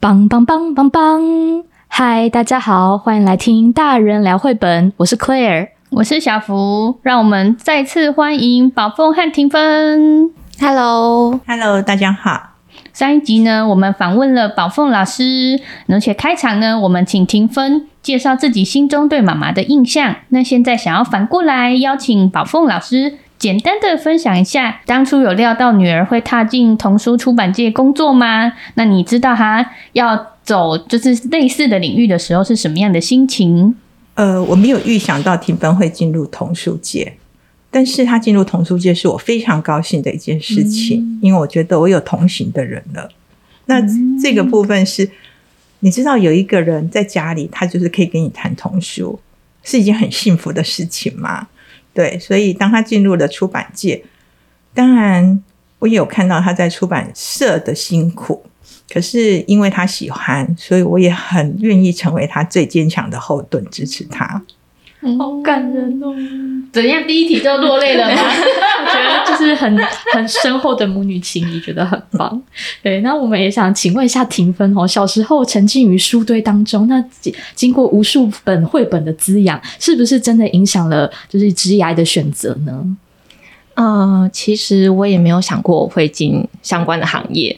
棒棒棒棒棒！嗨，大家好，歡迎來聽大人聊繪本。我是 Claire，我是小福，讓我們再次歡迎寶鳳和庭棻。Hello，Hello，Hello, 大家好。上一集呢，我們訪問了寶鳳老師，而且開場呢，我們請庭棻介紹自己心中對媽媽的印象。那現在想要反過來邀請寶鳳老師。簡單的分享一下，當初有料到女兒會踏進童書出版界工作嗎？那你知道她要走就是類似的領域的時候是什麼樣的心情？呃，我沒有預想到庭棻會進入童書界，但是她進入童書界是我非常高興的一件事情，嗯、因為我覺得我有同行的人了。那這個部分是，你知道有一個人在家裡，他就是可以跟你談童書，是一件很幸福的事情嗎？對，所以當他進入了出版界，當然我也有看到他在出版社的辛苦，可是因為他喜歡，所以我也很願意成為他最堅強的後盾，支持他。好感人哦！怎樣，第一題就落淚了嗎？我 覺得就是很很深厚的母女情誼， 覺得很棒。對，那我們也想請問一下庭棻哦，小時候沉浸於書堆當中，那經過無數本繪本的滋養，是不是真的影響了就是職涯的選擇呢？嗯、呃，其實我也沒有想過會進相關的行業，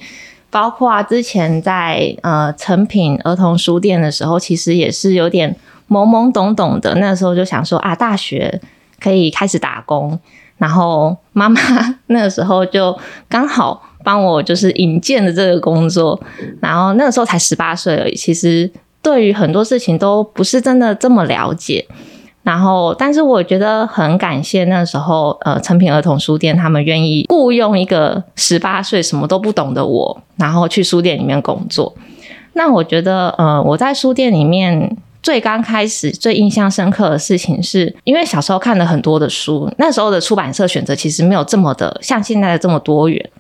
包括啊，之前在呃誠品兒童書店的時候，其實也是有點。懵懵懂懂的，那時候就想說啊，大學可以開始打工。然後媽媽那個時候就剛好幫我就是引薦的這個工作。然後那個時候才十八歲而已，其實對於很多事情都不是真的這麼了解。然後，但是我覺得很感謝那時候呃，誠品兒童書店他們願意雇傭一個十八歲什麼都不懂的我，然後去書店裡面工作。那我覺得呃，我在書店裡面。最剛開始最印象深刻的事情是，是因為小時候看了很多的書，那時候的出版社選擇其實沒有這麼的像現在的這麼多元，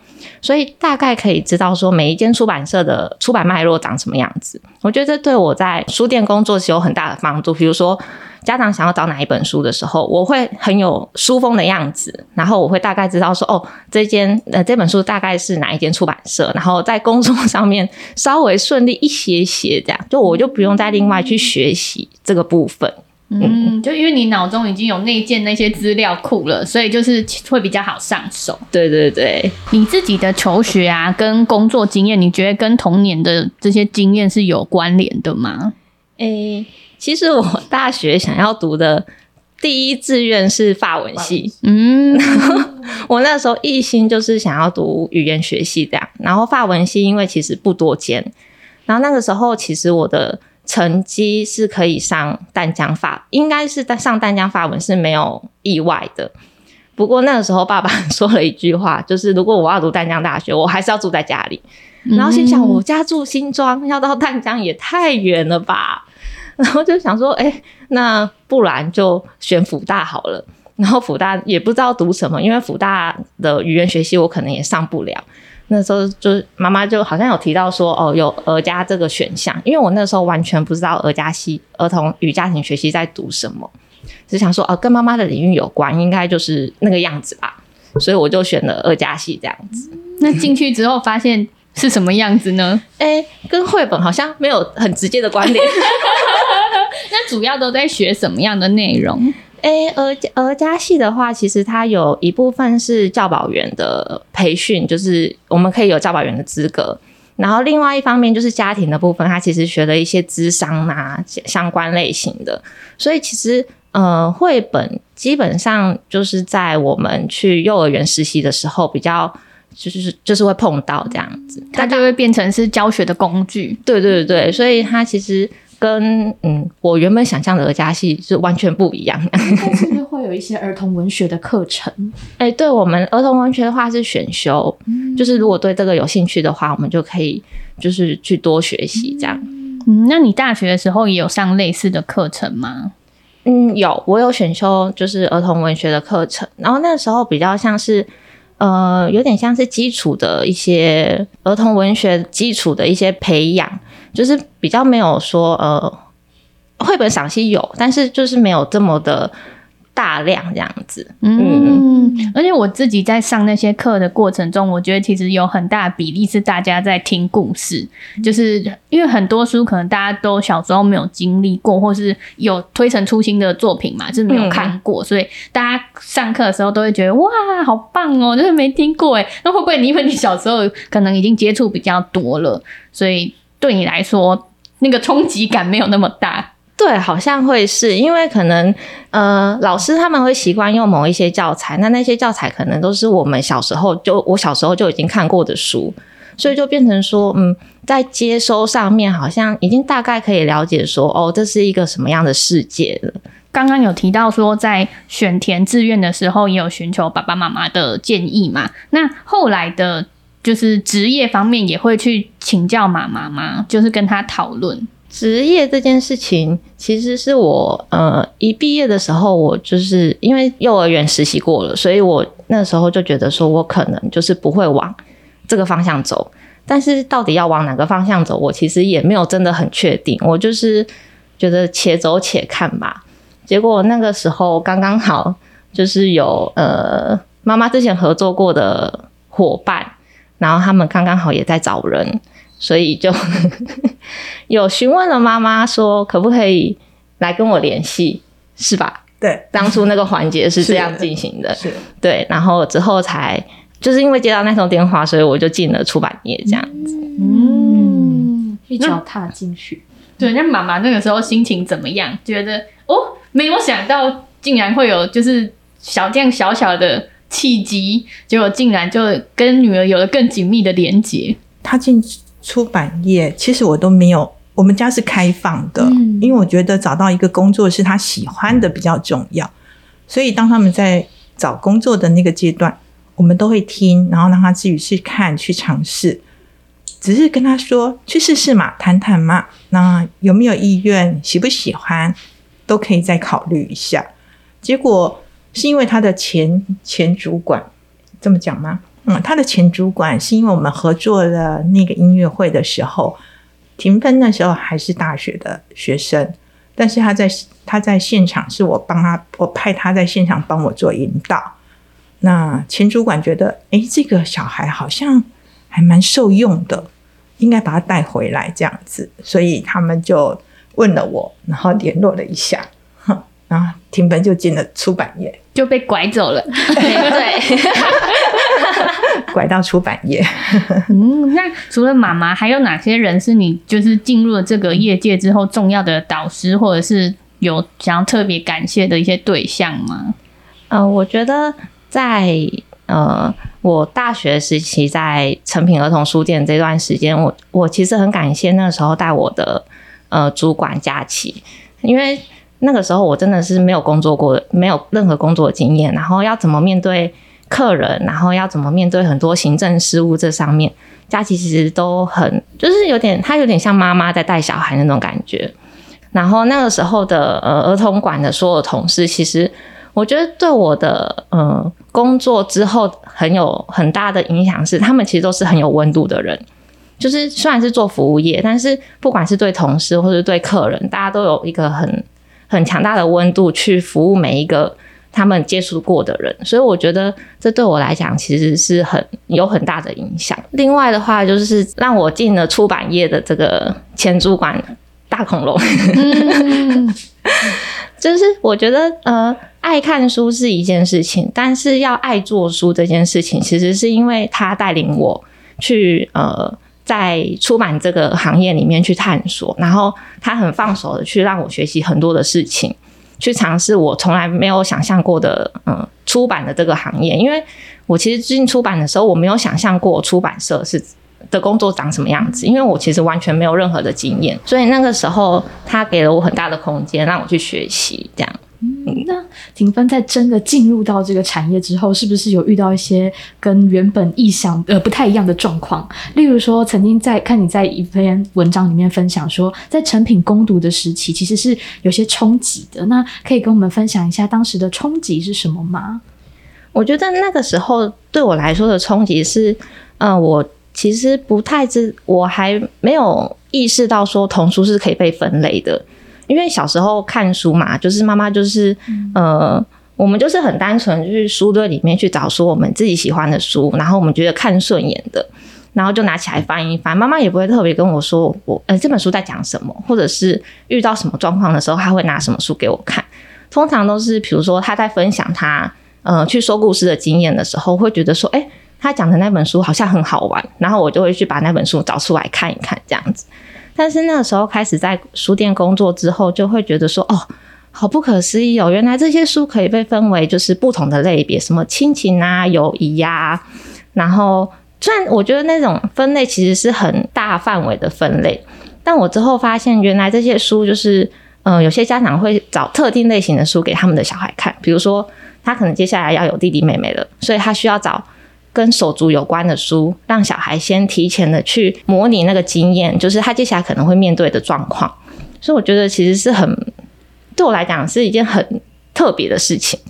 所以大概可以知道說每一間出版社的出版脈絡長什麼樣子。我覺得這對我在書店工作是有很大的幫助，比如說。家長想要找哪一本書的時候，我會很有書風的樣子，然後我會大概知道說，哦，這間呃這本書大概是哪一間出版社，然後在工作上面稍微順利一些些這樣，就我就不用再另外去學習這個部分。嗯，嗯就因為你腦中已經有內建那些資料庫了，所以就是會比較好上手。對對對，你自己的求學啊跟工作經驗，你覺得跟童年的這些經驗是有關聯的嗎？誒、欸。其實我大學想要讀的第一志願是法文系，法文系嗯， 我那時候一心就是想要讀語言學系這樣。然後法文系因為其實不多間，然後那個時候其實我的成績是可以上淡江法，應該是上淡江法文是沒有意外的。不過那個時候爸爸說了一句話，就是如果我要讀淡江大學，我還是要住在家裡。然後心想，我家住新莊，要到淡江也太遠了吧。然後就想說，哎、欸，那不然就選輔大好了。然後輔大也不知道讀什麼，因為輔大的語言學習我可能也上不了。那時候就是媽媽就好像有提到說，哦，有兒家這個選項，因為我那時候完全不知道兒家系兒童與家庭學系在讀什麼，就想說哦、啊，跟媽媽的領域有關，應該就是那個樣子吧。所以我就選了兒家系這樣子。那進去之後發現。是什麼樣子呢？誒、欸，跟繪本好像沒有很直接的關聯。 那主要都在學什麼樣的內容？欸、兒家，兒家系的話，其實它有一部分是教保員的培訓，就是我們可以有教保員的資格。然後另外一方面就是家庭的部分，它其實學了一些諮商啊，相關類型的。所以其實呃，繪本基本上就是在我們去幼兒園實習的時候比較。就是就是會碰到這樣子，它就會變成是教學的工具。對對對，所以它其實跟嗯我原本想象的家系是完全不一樣的。甚 至會有一些兒童文學的課程。誒、欸，對我們兒童文學的話是選修，嗯、就是如果對這個有興趣的話，我們就可以就是去多學習這樣。嗯，嗯，那你大學的時候也有上類似的課程嗎？嗯，有，我有選修就是兒童文學的課程，然後那時候比較像是。呃，有點像是基礎的一些兒童文學基礎的一些培養，就是比較沒有說呃，繪本賞析有，但是就是沒有這麼的。大量這樣子，嗯，嗯，而且我自己在上那些課的過程中，我覺得其實有很大的比例是大家在聽故事，嗯、就是因為很多書可能大家都小時候沒有經歷過，或是有推陳出新的作品嘛，就是沒有看過，嗯、所以大家上課的時候都會覺得哇，好棒哦、喔，就是沒聽過誒。那會不會你因為你小時候可能已經接觸比較多了，所以對你來說那個衝擊感沒有那麼大？對，好像會是因為可能，呃，老師他們會習慣用某一些教材，那那些教材可能都是我們小時候就我小時候就已經看過的書，所以就變成說，嗯，在接收上面好像已經大概可以了解說，哦，這是一個什麼樣的世界了。剛剛有提到說，在選填志願的時候也有尋求爸爸媽媽的建議嘛，那後來的就是職業方面也會去請教媽媽嗎？就是跟她討論。職業這件事情，其實是我呃一畢業的時候，我就是因為幼兒園實習過了，所以我那時候就覺得說我可能就是不會往這個方向走。但是到底要往哪個方向走，我其實也沒有真的很確定。我就是覺得且走且看吧。結果那個時候剛剛好就是有呃媽媽之前合作過的夥伴，然後他們剛剛好也在找人，所以就。 有詢問了媽媽說可不可以來跟我聯繫，是吧？對，當初那個環節是這樣進行的，是的，是對，然後之後才就是因為接到那通電話，所以我就進了出版業這樣子，嗯，嗯，一腳踏進去。嗯、對，那媽媽那個時候心情怎麼樣？覺得哦，沒有想到竟然會有就是小這樣小小的契機，結果竟然就跟女兒有了更緊密的連接。她進出版業，其實我都沒有。我們家是開放的，因為我覺得找到一個工作是他喜歡的比較重要。所以當他們在找工作的那個階段，我們都會聽，然後讓他自己去看、去嘗試，只是跟他說去試試嘛、談談嘛。那有沒有意願、喜不喜歡，都可以再考慮一下。結果是因為他的前前主管這麼講嗎？嗯，他的前主管是因為我們合作了那個音樂會的時候。庭棻那時候還是大學的學生，但是他在他在現場是我幫他，我派他在現場幫我做引導。那秦主管覺得，哎、欸，這個小孩好像還蠻受用的，應該把他帶回來這樣子，所以他們就問了我，然後聯絡了一下，哼，然後庭棻就進了出版業，就被拐走了，對。 拐到出版業， 嗯，那除了媽媽，還有哪些人是你就是進入了這個業界之後重要的導師，或者是有想要特別感謝的一些對象嗎？呃，我覺得在呃我大學時期在誠品兒童書店這段時間，我我其實很感謝那個時候帶我的呃主管佳琪，因為那個時候我真的是沒有工作過，沒有任何工作經驗，然後要怎麼面對？客人，然後要怎麼面對很多行政事務，這上面佳琪其實都很，就是有點，她有點像媽媽在帶小孩那種感覺。然後那個時候的呃兒童館的所有同事，其實我覺得對我的呃工作之後很有很大的影響，是他們其實都是很有溫度的人，就是雖然是做服務業，但是不管是對同事或是對客人，大家都有一個很很強大的溫度去服務每一個。他們接觸過的人，所以我覺得這對我來講其實是很有很大的影響。另外的話，就是讓我進了出版業的這個前主管大恐龍，嗯、 就是我覺得呃，愛看書是一件事情，但是要愛做書這件事情，其實是因為他帶領我去呃，在出版這個行業裡面去探索，然後他很放手的去讓我學習很多的事情。去嘗試我從來沒有想象過的，嗯，出版的這個行業。因為我其實最近出版的時候，我沒有想象過出版社是的工作長什麼樣子，因為我其實完全沒有任何的經驗。所以那個時候，他給了我很大的空間，讓我去學習，這樣。那庭棻在真的進入到這個產業之後，是不是有遇到一些跟原本意想呃不太一樣的狀況？例如說，曾經在看你在一篇文章裡面分享說，在誠品工讀的時期，其實是有些衝擊的。那可以跟我們分享一下當時的衝擊是什麼嗎？我覺得那個時候對我來說的衝擊是，嗯、呃，我其實不太知，我還沒有意識到說童書是可以被分類的。因為小時候看書嘛，就是媽媽就是呃，我們就是很單純去書堆裡面去找說我們自己喜歡的書，然後我們覺得看順眼的，然後就拿起來翻一翻。媽媽也不會特別跟我說我呃、欸、這本書在講什麼，或者是遇到什麼狀況的時候，她會拿什麼書給我看。通常都是比如說她在分享她呃去說故事的經驗的時候，會覺得說哎、欸，她講的那本書好像很好玩，然後我就會去把那本書找出來看一看這樣子。但是那個時候開始在書店工作之後，就會覺得說哦，好不可思議哦，原來這些書可以被分為就是不同的類別，什麼親情啊、友誼呀、啊。然後雖然我覺得那種分類其實是很大範圍的分類，但我之後發現原來這些書就是嗯、呃，有些家長會找特定類型的書給他們的小孩看，比如說他可能接下來要有弟弟妹妹了，所以他需要找。跟手足有關的書，讓小孩先提前的去模擬那個經驗，就是他接下來可能會面對的狀況。所以我覺得其實是很，對我來講是一件很特別的事情。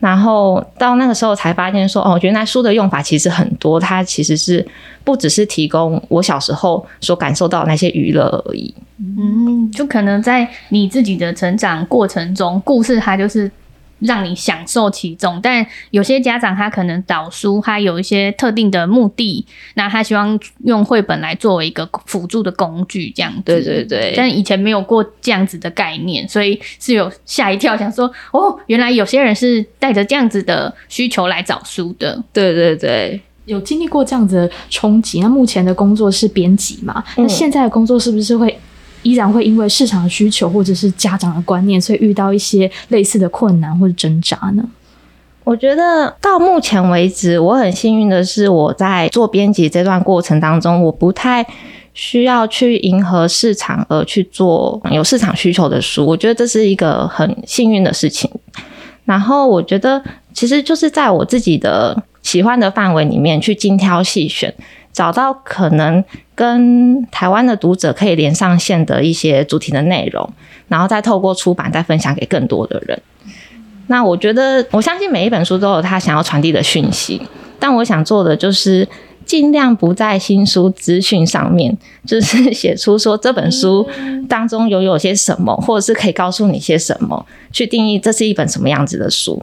然後到那個時候才發現說，哦，我覺得那書的用法其實很多，它其實是不只是提供我小時候所感受到的那些娛樂而已。嗯，就可能在你自己的成長過程中，故事它就是。讓你享受其中，但有些家長他可能找書，他有一些特定的目的，那他希望用繪本來作為一個輔助的工具，這樣子。對對對。但以前沒有過這樣子的概念，所以是有嚇一跳，想說哦，原來有些人是帶着這樣子的需求來找書的。對對對，有經歷過這樣子的衝擊。那目前的工作是編輯嘛？嗯，那現在的工作是不是會？依然會因為市場的需求，或者是家長的觀念，所以遇到一些類似的困難或者掙扎呢？我覺得到目前為止，我很幸運的是，我在做編輯這段過程當中，我不太需要去迎合市場而去做有市場需求的書，我覺得這是一個很幸運的事情。然後我覺得，其實就是在我自己的喜歡的範圍裡面去精挑細選。找到可能跟台灣的讀者可以連上線的一些主題的內容，然後再透過出版再分享給更多的人。那我覺得，我相信每一本書都有他想要傳遞的訊息，但我想做的就是盡量不在新書資訊上面，就是寫 出說這本書當中有有些什麼，或者是可以告訴你些什麼，去定義這是一本什麼樣子的書。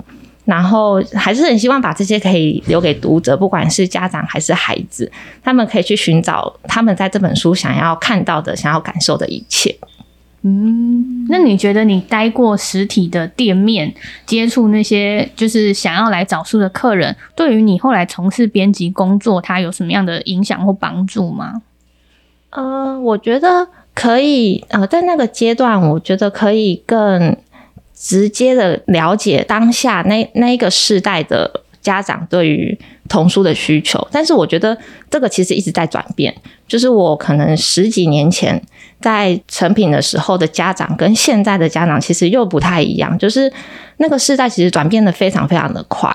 然後還是很希望把這些可以留給讀者，不管是家長還是孩子，他們可以去尋找他們在這本書想要看到的、想要感受的一切。嗯，那你覺得你待過實體的店面，接觸那些就是想要來找書的客人，對於你後來從事編輯工作，它有什麼樣的影響或幫助嗎？呃，我覺得可以。呃，在那個階段，我覺得可以更。直接的了解當下那那一個時代的家長對於童書的需求，但是我覺得這個其實一直在轉變。就是我可能十幾年前在誠品的時候的家長，跟現在的家長其實又不太一樣。就是那個時代其實轉變得非常非常的快。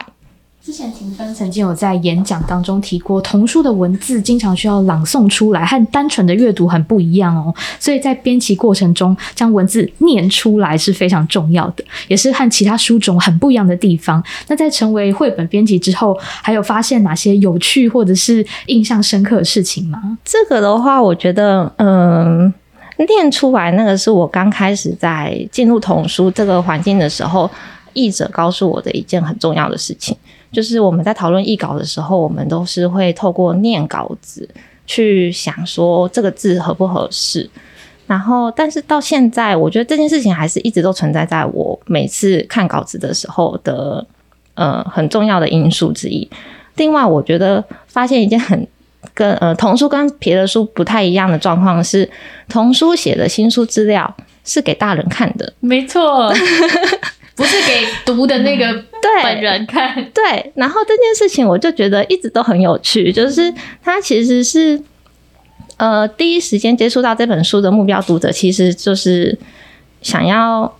之前庭棻曾經有在演講當中提過，童書的文字經常需要朗誦出來，和單純的閱讀很不一樣哦、喔。所以在編輯過程中，將文字念出來是非常重要的，也是和其他書種很不一樣的地方。那在成為繪本編輯之後，還有發現哪些有趣或者是印象深刻的事情嗎？這個的話，我覺得，嗯、呃，念出來那個是我剛開始在進入童書這個環境的時候，譯者告訴我的一件很重要的事情。就是我們在討論譯稿的時候，我們都是會透過念稿子去想說這個字合不合適。然後，但是到現在，我覺得這件事情還是一直都存在在我每次看稿子的時候的呃很重要的因素之一。另外，我覺得發現一件很跟呃童書跟別的書不太一樣的狀況是，童書寫的新書資料是給大人看的，沒錯， 不是給讀的那個、嗯。本人看對，對，然後這件事情我就覺得一直都很有趣，就是他其實是呃第一時間接觸到這本書的目標讀者，其實就是想要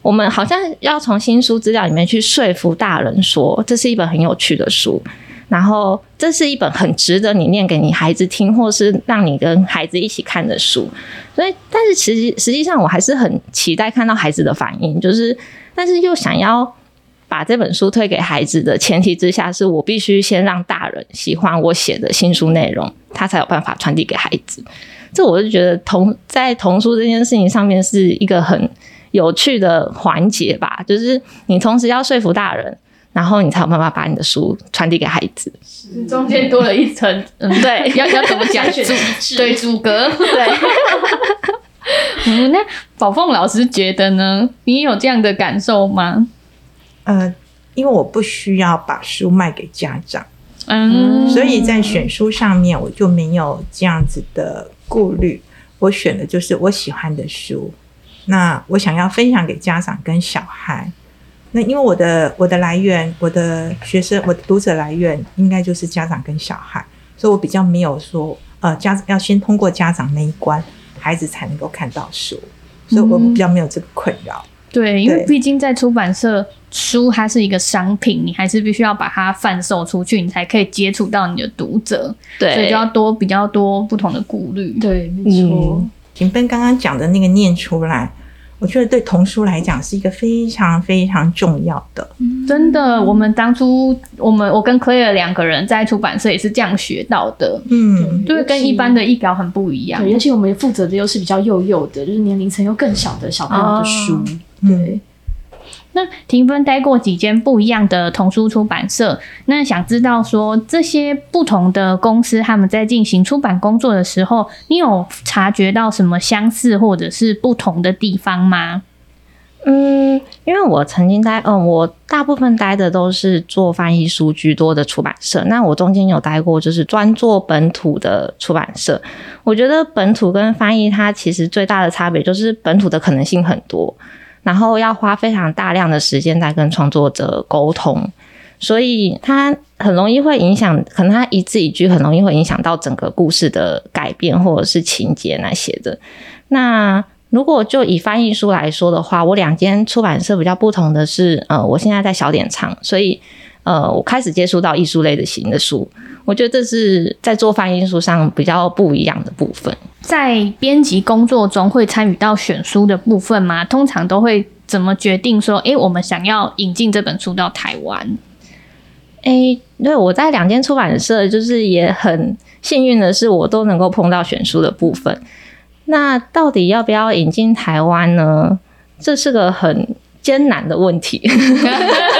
我們好像要從新書資料裡面去說服大人說，這是一本很有趣的書，然後這是一本很值得你念給你孩子聽，或是讓你跟孩子一起看的書。所以，但是其實實際上我還是很期待看到孩子的反應，就是但是又想要。把這本書推給孩子的前提之下，是我必須先讓大人喜歡我寫的新書內容，他才有辦法傳遞給孩子。這我就覺得同在童書這件事情上面是一個很有趣的環節吧，就是你同時要說服大人，然後你才有辦法把你的書傳遞給孩子。中間多了一層， 嗯，對，要要怎麼講敘對主格？對，對 嗯，那寶鳳老師覺得呢？你有這樣的感受嗎？呃，因為我不需要把書賣給家長，嗯。所以，在選書上面我就沒有這樣子的顧慮。我選的就是我喜歡的書，那我想要分享給家長跟小孩。那因為我的我的來源，我的學生，我的讀者來源應該就是家長跟小孩，所以我比較沒有說呃，家要先通過家長那一關，孩子才能夠看到書，所以我比較沒有這個困擾。嗯。對，因為畢竟在出版社，對書它是一個商品，你還是必須要把它販售出去，你才可以接觸到你的讀者，對所以就要多比較多不同的顧慮。對，沒錯，嗯，請跟剛剛講的那個念出來。我覺得對童書來講是一個非常非常重要的，真的。嗯、我們當初，我們我跟 Claire 兩個人在出版社也是這樣學到的，嗯，就是跟一般的譯稿很不一樣。對，而且我們負責的又是比較幼幼的，就是年齡層又更小的小朋友的書，哦嗯、對。那庭棻待過幾間不一樣的童書出版社，那想知道說這些不同的公司他們在進行出版工作的時候，你有察覺到什麼相似或者是不同的地方嗎？嗯，因為我曾經待，嗯，我大部分待的都是做翻譯書居多的出版社。那我中間有待過，就是專做本土的出版社。我覺得本土跟翻譯它其實最大的差別就是本土的可能性很多，然後要花非常大量的時間在跟創作者溝通，所以他很容易會影響，可能他一字一句很容易會影響到整個故事的改變或者是情節來寫的。那如果就以翻譯書來說的話，我兩間出版社比較不同的是，呃，我現在在小點唱，所以。呃，我開始接觸到藝術類的型的書，我覺得這是在做翻譯書上比較不一樣的部分。在編輯工作中會參與到選書的部分嗎？通常都會怎麼決定說，欸，我們想要引進這本書到台灣？欸，對，我在兩間出版社，就是也很幸運的是，我都能夠碰到選書的部分。那到底要不要引進台灣呢？這是個很艱難的問題。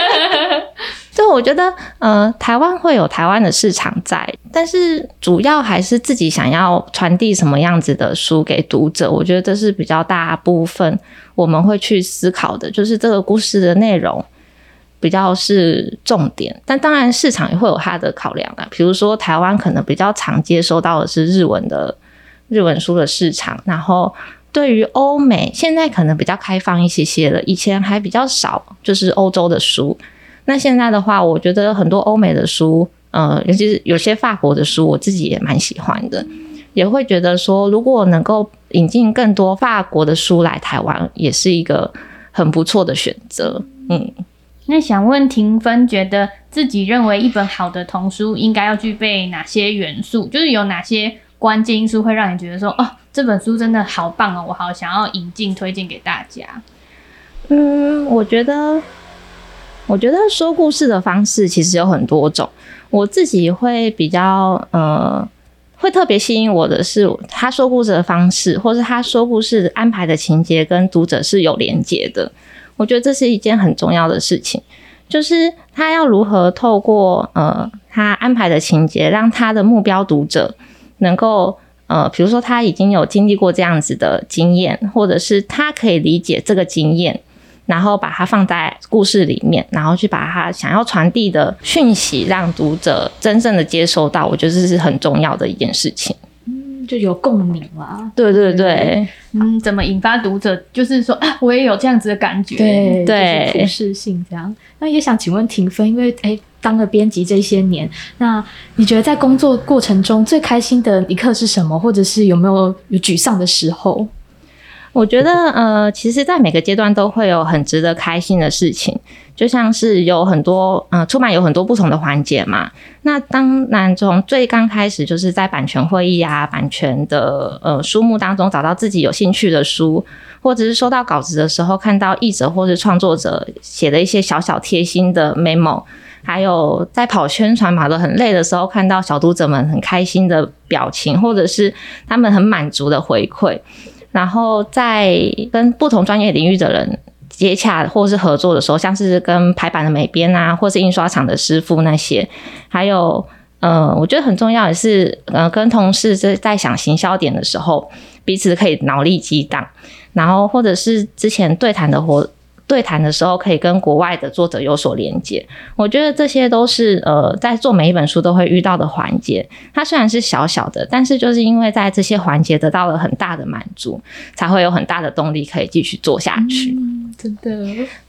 所以我覺得，呃，台灣會有台灣的市場在，但是主要還是自己想要傳遞什麼樣子的書給讀者。我覺得這是比較大部分我們會去思考的，就是這個故事的內容比較是重點。但當然，市場也會有它的考量啦。比如說，台灣可能比較常接收到的是日文的日文書的市場，然後對於歐美，現在可能比較開放一些些了，以前還比較少，就是歐洲的書。那現在的話，我覺得很多歐美的書，呃，尤其是有些法國的書，我自己也蠻喜歡的，嗯、也會覺得說，如果能夠引進更多法國的書來台灣，也是一個很不錯的選擇。嗯，那想問庭棻，覺得自己認為一本好的童書應該要具備哪些元素？就是有哪些關鍵因素會讓你覺得說，哦，這本書真的好棒哦，我好想要引進推薦給大家。嗯，我覺得。我覺得說故事的方式其實有很多種，我自己會比較呃，會特別吸引我的是，他說故事的方式，或是他說故事安排的情節跟讀者是有連結的。我覺得這是一件很重要的事情，就是他要如何透過呃，他安排的情節，讓他的目標讀者能夠呃，比如說他已經有經歷過這樣子的經驗，或者是他可以理解這個經驗。然後把它放在故事裡面，然後去把它想要傳遞的訊息，讓讀者真正的接收到，我覺得這是很重要的一件事情。嗯，就有共鳴了、啊。對對對，嗯、啊，怎麼引發讀者？就是說啊，我也有這樣子的感覺。對對，對就是普世性這樣。那也想請問庭棻，因為哎，當了編輯這些年，那你覺得在工作過程中最開心的一刻是什麼？或者是有沒有有沮喪的時候？我覺得，呃，其實，在每個階段都會有很值得開心的事情，就像是有很多，呃，出版有很多不同的環節嘛。那當然，從最剛開始，就是在版權會議啊、版權的，呃，書目當中找到自己有興趣的書，或者是收到稿子的時候，看到譯者或是創作者寫的一些小小貼心的 memo，還有在跑宣傳跑得很累的時候，看到小讀者們很開心的表情，或者是他們很滿足的回饋。然後在跟不同專業領域的人接洽或是合作的時候，像是跟排版的美編啊，或是印刷廠的師傅那些，還有，嗯、呃，我覺得很重要的是，嗯、呃，跟同事在在想行銷點的時候，彼此可以腦力激盪，然後或者是之前對談的活。對談的時候可以跟國外的作者有所連接，我覺得這些都是呃在做每一本書都會遇到的環節。它雖然是小小的，但是就是因為在這些環節得到了很大的滿足，才會有很大的動力可以繼續做下去。嗯，真的。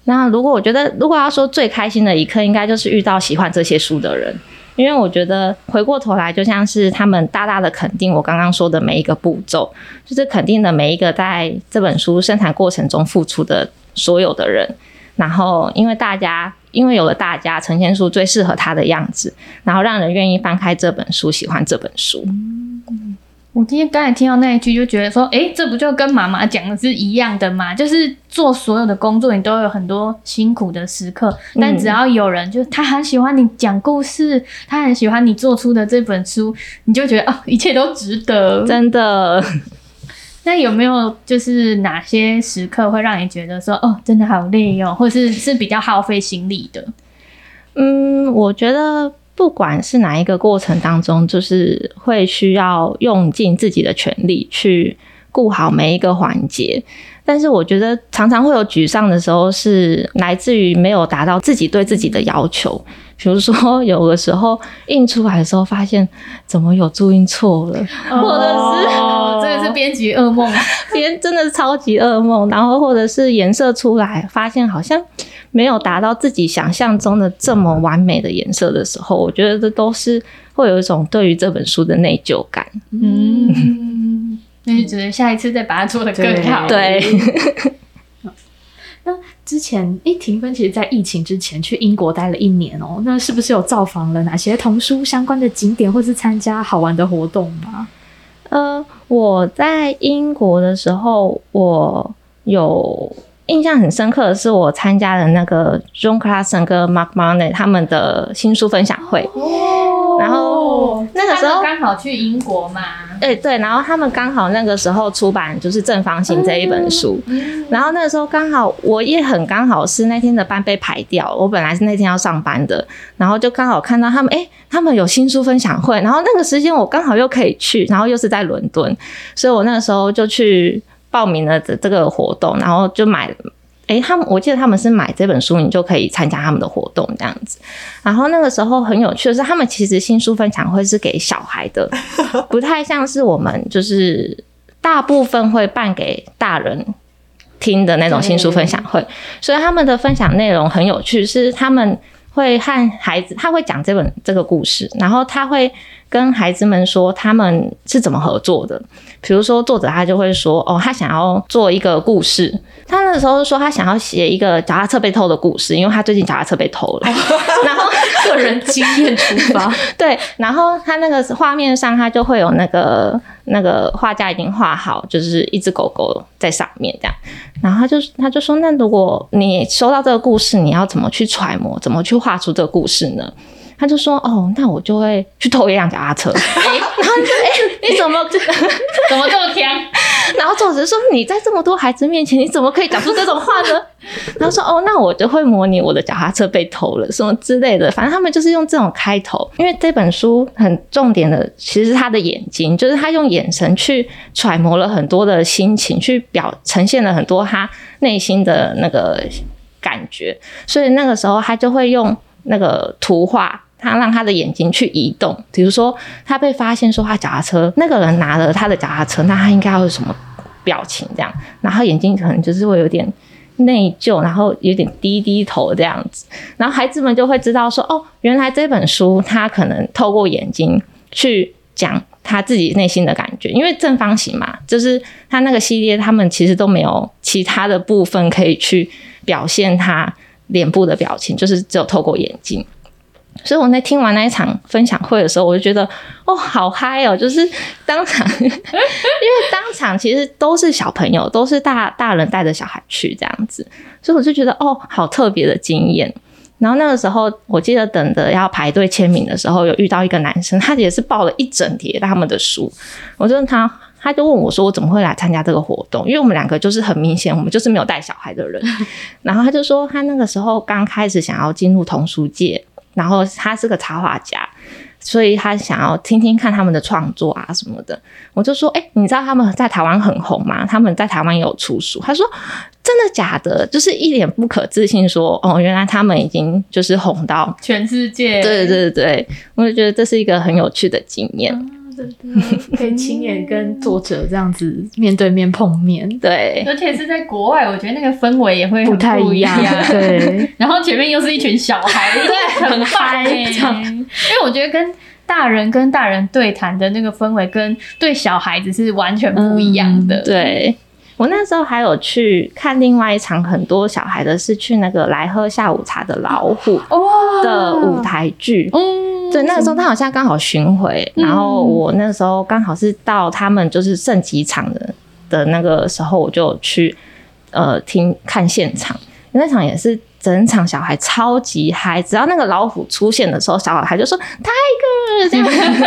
那如果我覺得，如果要說最開心的一刻，應該就是遇到喜歡這些書的人，因為我覺得回過頭來就像是他們大大的肯定我剛剛說的每一個步驟，就是肯定的每一個在這本書生產過程中付出的。所有的人，然後因為大家，因為有了大家，呈現出最適合他的樣子，然後讓人願意翻開這本書，喜歡這本書。嗯，我今天剛才聽到那一句，就覺得說，誒，這不就跟媽媽講的是一樣的嗎？就是做所有的工作，你都有很多辛苦的時刻，但只要有人，就是他很喜歡你講故事，他很喜歡你做出的這本書，你就覺得哦，一切都值得，真的。那有沒有就是哪些時刻會讓你覺得說哦，真的好累哦，或是是比較耗費心力的？嗯，我覺得不管是哪一個過程當中，就是會需要用盡自己的全力去顧好每一個環節。但是我覺得常常會有沮喪的時候，是來自於沒有達到自己對自己的要求。比如說，有的時候印出來的時候，發現怎麼有注音錯了，或者是、哦哦、真的是編輯噩夢，編真的是超級噩夢。然後，或者是顏色出來，發現好像沒有達到自己想象中的這麼完美的顏色的時候，我覺得這都是會有一種對於這本書的內疚感。嗯，那就只能下一次再把它做得更好，對。之前，哎，庭棻其實，在疫情之前去英國待了一年哦、喔。那是不是有造訪了哪些童書相關的景點，或是參加好玩的活動嗎？呃，我在英國的時候，我有印象很深刻的是，我參加了那個 Jon Klassen 跟 Mac Barnett 他們的新書分享會哦。然後那個時候剛好去英國嘛。哎、欸，對，然後他們剛好那個時候出版就是正方形這一本書，嗯、然後那個時候剛好我也很剛好是那天的班被排掉，我本來是那天要上班的，然後就剛好看到他們，哎、欸，他們有新書分享會，然後那個時間我剛好又可以去，然後又是在倫敦，所以我那個時候就去報名了這個活動，然後就買。誒、欸，他們我記得他們是買這本書，你就可以參加他們的活動這樣子。然後那個時候很有趣的是，他們其實新書分享會是給小孩的， 不太像是我們就是大部分會辦給大人聽的那種新書分享會。嗯、所以他們的分享內容很有趣，是他們會和孩子他會講這本這個故事，然後他會跟孩子們說他們是怎麼合作的。比如說，作者他就會說，哦，他想要做一個故事。他那個時候說，他想要寫一個腳踏車被偷的故事，因為他最近腳踏車被偷了。 然後，個人經驗出發。 對。然後，他那個畫面上，他就會有那個那個畫家已經畫好，就是一只狗狗在上面這樣。然後，他就他就說，那如果你收到這個故事，你要怎麼去揣摩，怎麼去畫出這個故事呢？他就說，哦，那我就會去偷一輛腳踏車。 欸、然後就誒。欸你怎麼 怎麼這麼甜？然後作者說：“你在這麼多孩子面前，你怎麼可以講出這種話呢？” 然後說：“哦，那我就會模擬我的腳踏車被偷了什麼之類的。”反正他們就是用這種開頭，因為這本書很重點的，其實他的眼睛就是他用眼神去揣摩了很多的心情，去表呈現了很多他內心的那個感覺，所以那個時候他就會用那個圖畫。他讓他的眼睛去移動，比如說他被發現說他腳踏車，那個人拿了他的腳踏車，那他應該會有什麼表情？這樣，然後眼睛可能就是會有點內疚，然後有點低低頭這樣子。然後孩子們就會知道說，哦，原來這本書他可能透過眼睛去講他自己內心的感覺，因為正方形嘛，就是他那個系列，他們其實都沒有其他的部分可以去表現他臉部的表情，就是只有透過眼睛。所以我在聽完那一場分享會的時候，我就覺得哦，好嗨哦！就是當場，因為當場其實都是小朋友，都是大大人帶着小孩去這樣子，所以我就覺得哦，好特別的經驗。然後那個時候，我記得等着要排隊簽名的時候，有遇到一個男生，他也是抱了一整疊他們的書。我就問他，他就問我說：“我怎麼會來參加這個活動？”因為我們兩個就是很明顯，我們就是沒有帶小孩的人。然後他就說，他那個時候剛開始想要進入童書界。然後他是個插畫家，所以他想要聽聽看他們的創作啊什麼的。我就說，哎、欸，你知道他們在台灣很紅嗎？他們在台灣也有出書。他說，真的假的？就是一臉不可置信，說，哦，原來他們已經就是紅到全世界。對對對，我就覺得這是一個很有趣的經驗。嗯。可以親眼跟作者這樣子面對面碰面，對，而且是在國外，我覺得那個氛圍也會不，不太一樣，對。 然後前面又是一群小孩， 對，很嗨， 因為我覺得跟大人跟大人對談的那個氛圍，跟對小孩子是完全不一樣的。嗯、對我那時候還有去看另外一場，很多小孩的是去那個《來喝下午茶的老虎》哇的舞台劇，哇嗯。對，那個、時候他好像剛好巡迴，然後我那時候剛好是到他們就是聖吉場的的那個時候，我就去呃聽看現場，那場也是整場小孩超級嗨，只要那個老虎出現的時候，小孩就說 Tiger 這樣子。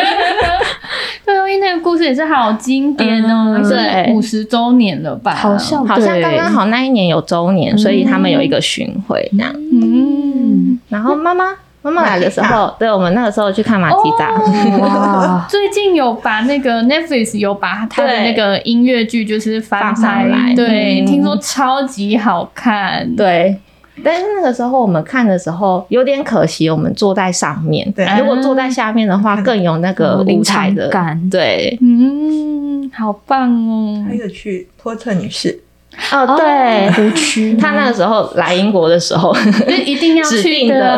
對，因為那個故事也是好經典哦、喔，嗯、對，五十週年了吧？好像好像剛剛好那一年有週年，所以他們有一個巡迴這樣。嗯，然後媽媽。媽媽來的時候，對，我們那個時候去看瑪蒂達。哦、 最近有把那個 Netflix 有把他的那個音樂劇就是翻上對放上來，對，嗯、聽說超級好看。對，但是那個時候我們看的時候有點可惜，我們坐在上面，對，嗯、如果坐在下面的話更有那個舞台的感。嗯、對，嗯，好棒哦。還有去托特女士。哦，oh, oh, 對，去他那個時候來英國的時候 就一定要去的， 指定的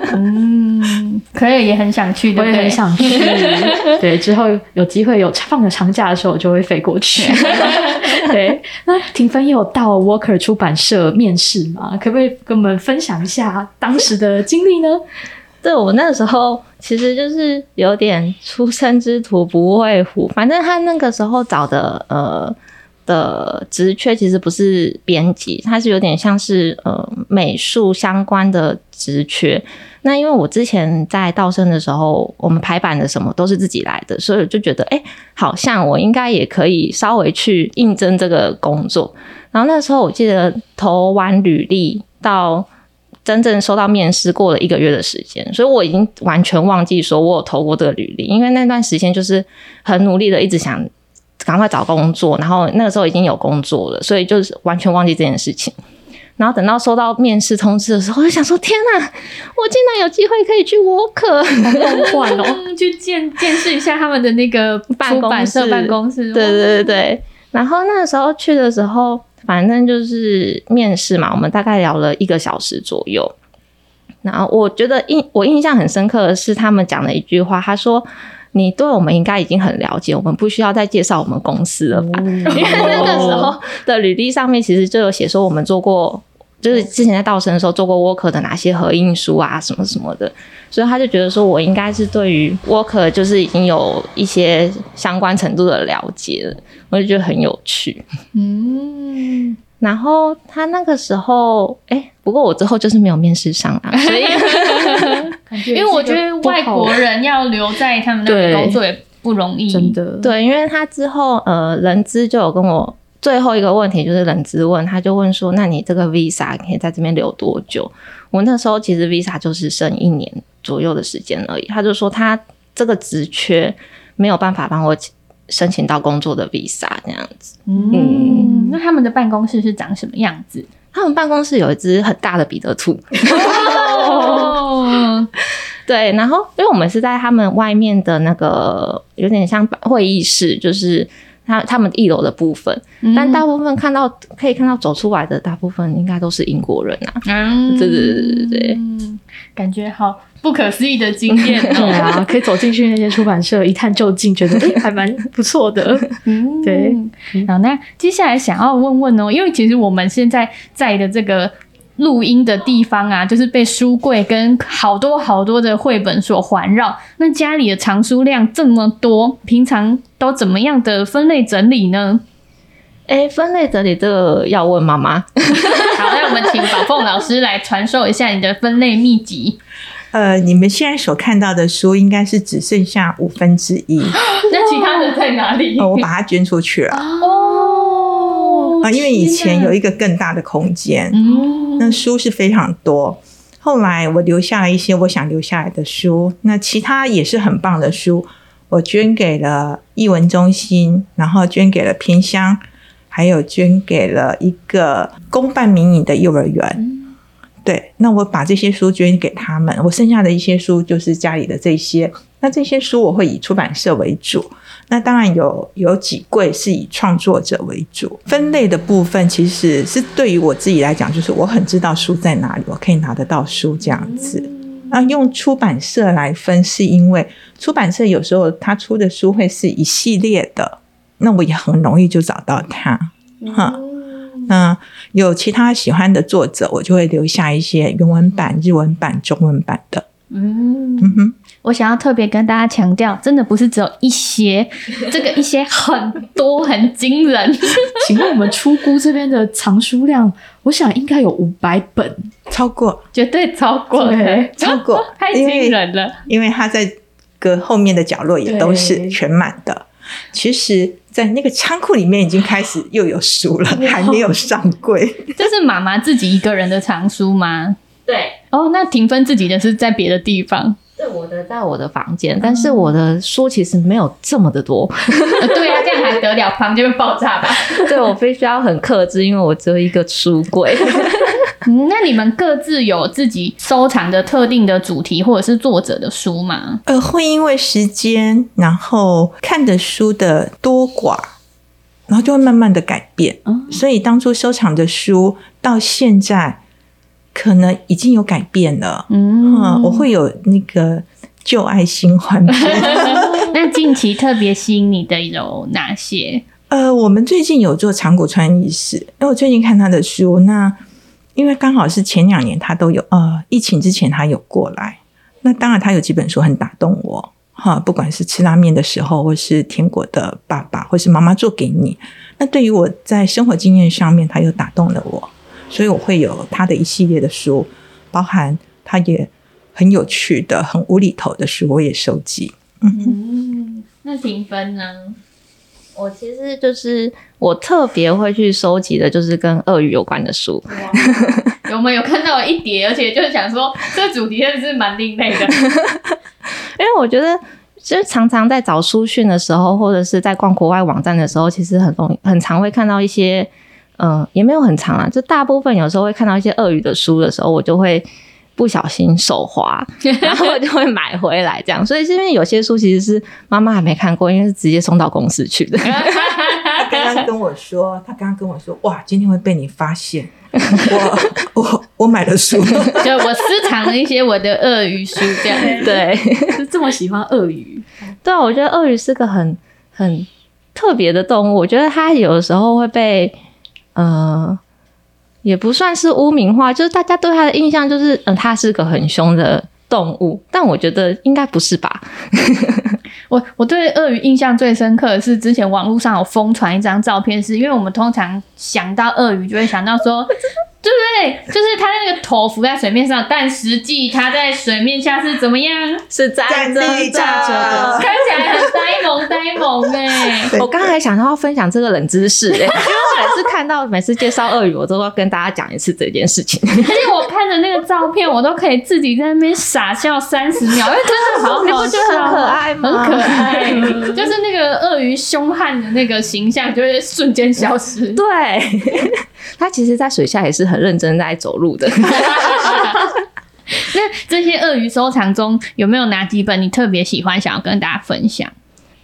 嗯，可以，也很想去對對，我也很想去。 對，之後有機會有放了長假的時候，我就會飛過去。 對，那庭棻有到 Walker 出版社面試嘛？可不可以跟我們分享一下當時的經歷呢？ 對，我那個時候其實就是有點初生之犢不畏虎，反正他那個時候找的呃。的職缺其實不是編輯，它是有點像是呃美術相關的職缺。那因為我之前在道聲的時候，我們排版的什麼都是自己來的，所以我就覺得哎、欸，好像我應該也可以稍微去應徵這個工作。然後那時候我記得投完履歷到真正收到面試過了一個月的時間，所以我已經完全忘記說我有投過這個履歷，因為那段時間就是很努力的一直想。趕快找工作，然後那個時候已經有工作了，所以就是完全忘記這件事情。然後等到收到面試通知的時候，我就想說：“天哪，我竟然有機會可以去 Walker，夢幻哦，去見見識一下他們的那個辦公室辦公室。”對對對對。 然後那個時候去的時候，反正就是面試嘛，我們大概聊了一個小時左右。然後我覺得印我印象很深刻的是他們講的一句話，他說。你對我們應該已經很了解，我們不需要再介紹我們公司了吧？哦、因為那個時候的履歷上面其實就有寫說我們做過，就是之前在道聲的時候做過 Walker 的哪些合印書啊，什麼什麼的，所以他就覺得說我應該是對於 Walker 就是已經有一些相關程度的了解了，我就覺得很有趣。嗯。然後他那個時候，哎、欸，不過我之後就是沒有面試上啊，所以 因為我覺得外國人要留在他們那邊工作也不容易， 真的。對，因為他之後，呃，人資就有跟我最後一個問題，就是人資問，他就問說，那你這個 visa 可以在這邊留多久？我那時候其實 visa 就是剩一年左右的時間而已。他就說他這個職缺沒有辦法幫我。申請到工作的 Visa 那樣子，嗯，嗯，那他們的辦公室是長什麼樣子？他們辦公室有一隻很大的彼得兔，對，然後因為我們是在他們外面的那個有點像會議室，就是。他他們一樓的部分，嗯、但大部分看到可以看到走出來的大部分應該都是英國人啊，對對、嗯、對對對，對感覺好不可思議的經驗哦、喔嗯啊，可以走進去那些出版社 一探究竟，覺得還蠻不錯的，嗯， 對，好，那接下來想要問問哦、喔，因為其實我們現在在的這個。錄音的地方啊，就是被書櫃跟好多好多的繪本所環繞。那家裡的藏書量這麼多，平常都怎麼樣的分類整理呢？哎，分類整理這個要問媽媽。 好，那我們請寶鳳老師來傳授一下你的分類祕笈。呃，你們現在所看到的書，應該是只剩下五分之一。 那其他的在哪裡？呃，我把它捐出去了。哦啊，因為以前有一個更大的空間，那書是非常多。後來我留下了一些我想留下來的書，那其他也是很棒的書，我捐給了藝文中心，然後捐給了偏鄉，還有捐給了一個公辦民營的幼兒園。對，那我把這些書捐給他們，我剩下的一些書就是家裡的這些。那這些書我會以出版社為主，那當然有有幾櫃是以創作者為主。分類的部分其實是對於我自己來講，就是我很知道書在哪裡，我可以拿得到書這樣子。那用出版社來分，是因為出版社有時候他出的書會是一系列的，那我也很容易就找到它。哈，那有其他喜歡的作者，我就會留下一些英文版、日文版、中文版的。嗯嗯哼。我想要特別跟大家強調，真的不是只有一些，這個一些很多很驚人。 請問我們出菇這邊的藏書量，我想應該有五百本超過超，超過，絕對超過耶，超過，太驚人了。因為它在隔後面的角落也都是全滿的。對其實，在那個倉庫裡面已經開始又有書了， 還沒有上櫃。這是媽媽自己一個人的藏書嗎？對。哦，oh, 那庭棻自己的是在別的地方。是我的，在我的房間，但是我的書其實沒有這麼的多。嗯 呃、對啊，這樣還得了？房間爆炸吧？ 對，我必須要很克制，因為我只有一個書櫃。 嗯、那你們各自有自己收藏的特定的主題或者是作者的書嗎？呃，會因為時間，然後看的書的多寡，然後就會慢慢的改變。嗯、所以當初收藏的書到現在。可能已經有改變了，嗯，嗯，我會有那個舊愛新歡。 那近期特別吸引你的有哪些？呃，我們最近有做長谷川義史，因為我最近看他的書。那因為剛好是前兩年，他都有呃，疫情之前他有過來。那當然，他有幾本書很打動我，哈、嗯，不管是吃拉面的時候，或是天國的爸爸，或是媽媽做給你。那對於我在生活經驗上面，他又打動了我。所以我會有他的一系列的書，包含他也很有趣的、很無厘頭的書，我也收集。嗯，嗯，那庭棻呢？啊？我其實就是我特別會去收集的，就是跟鱷魚有關的書哇。有沒有看到一疊？ 而且就是想說，這主題真的是蠻另類的。 因為我覺得，其實常常在找書訊的時候，或者是在逛國外網站的時候，其實很容易、很常會看到一些。嗯，也沒有很長啊，就大部分有時候會看到一些鱷魚的書的時候，我就會不小心手滑，然後我就會買回來這樣。所以是因為有些書其實是媽媽還沒看過，因為是直接送到公司去的。他剛剛 跟我說，他剛剛跟我說，哇，今天會被你發現，我我我買的書， 就我私藏了一些我的鱷魚書，這樣 對，就這麼喜歡鱷魚，對啊，我覺得鱷魚是個很很特別的動物，我覺得它有的時候會被。呃，也不算是污名化，就是大家對它的印象就是，嗯，它是個很凶的動物。但我覺得應該不是吧？ 我我對鱷魚印象最深刻的是之前網絡上有瘋傳一張照片是，是因為我們通常想到鱷魚就會想到說。 對不對？就是它的那個頭浮在水面上，但實際它在水面下是怎麼樣？是在掙扎的，看起來很呆萌，呆萌哎、欸！我剛才還想要分享這個冷知識、欸、因為我每次看到每次介紹鱷魚，我都要跟大家講一次這件事情。而且我看的那個照片，我都可以自己在那邊傻笑三十秒，因為真的好，啊、你不覺得很可愛嗎？很可愛，就是那個鱷魚兇悍的那個形象就會瞬間消失。對，它其實，在水下也是很。很認真在走路的。 那這些鱷魚收藏中，有沒有哪幾本你特別喜歡，想要跟大家分享？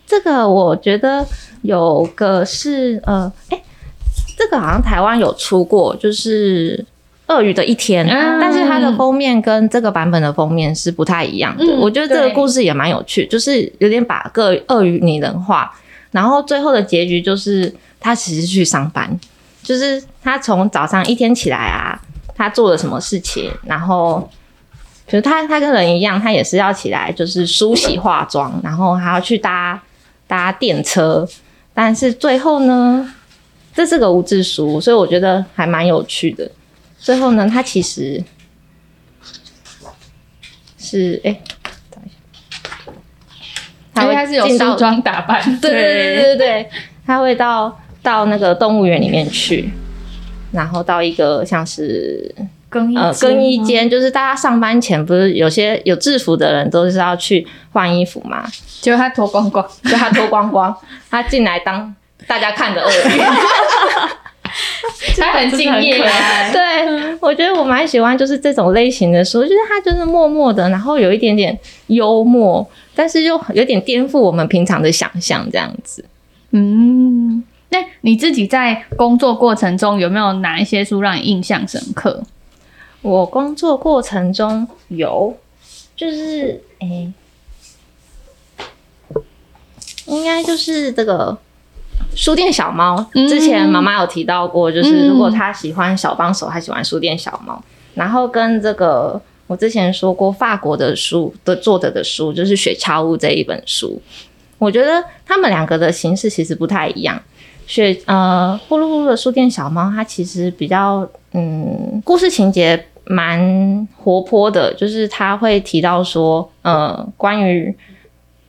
這個我覺得有個是呃，誒、欸，這個好像台灣有出過，就是《鱷魚的一天》，嗯，但是它的封面跟這個版本的封面是不太一樣的。嗯、我覺得這個故事也蠻有趣，對就是有點把個鱷魚擬人化，然後最後的結局就是他其實去上班。就是他從早上一天起來啊，他做了什麼事情，然後，就是他他跟人一樣，他也是要起來，就是梳洗化妝，然後還要去搭搭電車，但是最後呢，這是個無字書，所以我覺得還蠻有趣的。最後呢，他其實是哎，等一下，他應該是有梳妝打扮， 對，對對對對對，他會到。到那個動物園裡面去，然後到一個像是更衣，呃、更衣間，就是大家上班前不是有些有制服的人都是要去換衣服嘛？結果他脫光光，就他脫光光， 他進來當大家看的鱷魚， 他是不是很可愛？他很敬業，對，我覺得我蠻喜歡就是這種類型的時候，就是他就是默默的，然後有一點點幽默，但是又有點顛覆我們平常的想象，這樣子，嗯。那你自己在工作過程中有沒有哪一些書讓你印象深刻？我工作過程中有，就是誒、欸，應該就是這個書店小貓。嗯、之前媽媽有提到過，就是如果她喜歡小幫手，她、嗯、喜歡書店小貓。然後跟這個我之前說過法國的書的作者的書，就是雪橇屋這一本書。我覺得他們兩個的形式其實不太一樣。雪，呃，呼嚕呼嚕的書店小貓，它其實比較嗯，故事情節蠻活潑的，就是它會提到說，呃，關於